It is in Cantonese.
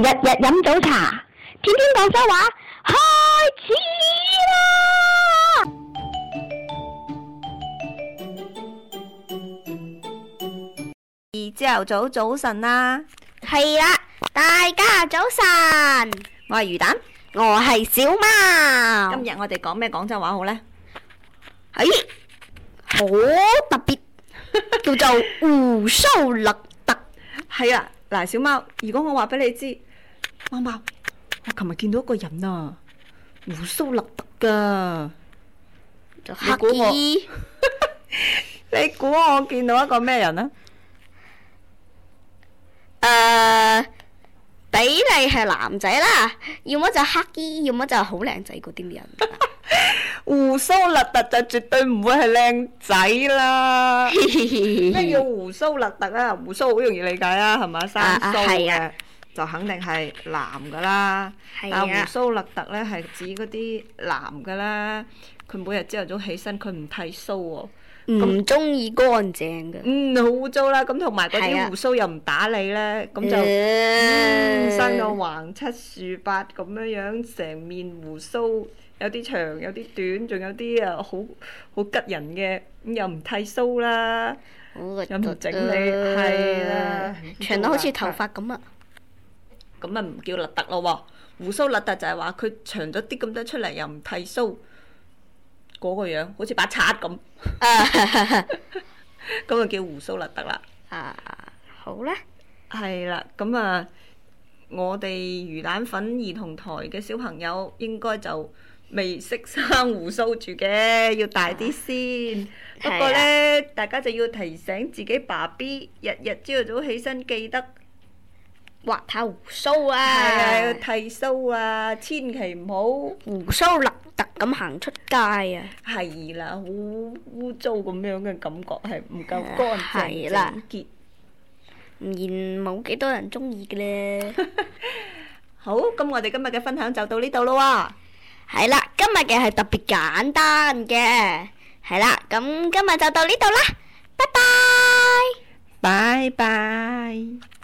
日日飲早茶，天天廣州話，開始啦！而朝頭早早晨啦，係啦，大家早晨。我係魚蛋，我係小貓。今日我哋講咩廣州話好呢？哎，好特別，叫做鬍鬚簕特。係啊，嗱，小貓，如果我話俾你知。貓貓，我琴日見到一個人啊，鬍鬚簕特噶。就黑衣。你估我見到一個咩人啊？誒，比你係男仔啦，要麼就黑衣，要麼就好靚仔嗰啲人。鬍鬚簕特就絕對唔會係靚仔啦。咩叫鬍鬚簕特啊？鬍鬚好容易理解啊，係咪生鬚啊？就肯定係男噶啦，啊鬍鬚簕特咧係指嗰啲男噶啦。佢每日朝頭早起身，佢唔剃鬚喎，唔中意乾淨嘅。嗯，好污糟啦。咁同埋嗰啲胡鬚又唔打理咧，咁就生到橫七豎八咁樣樣，成面胡鬚有啲長，有啲短，仲有啲啊好好吉人嘅，咁又唔剃鬚啦，好咁就整理，係啦，長到好似頭髮咁啊！咁咪唔叫簕特咯、哦、胡鬚簕特就係話佢長咗啲咁多出嚟，又唔剃鬚，嗰個樣好似把刷咁，咁 啊 叫胡鬚簕特啦。啊，好咧。係啦，咁啊，我哋魚蛋粉兒童台嘅小朋友應該就未識生胡鬚住嘅，要大啲先。啊、 不過呢，的大家就要提醒自己爸 B，日日朝早起身記得。刮下鬍鬚啊！係啊，剃鬚啊，千祈唔好鬍鬚簕特咁行出街啊！係啦，好污糟咁樣嘅感覺，係唔夠乾淨整潔。唔然冇幾多人中意嘅咧。好，咁我哋今日嘅分享就到呢度咯喎。係啦，今日嘅係特別簡單嘅。係啦，咁今日就到呢度啦。拜拜。拜拜。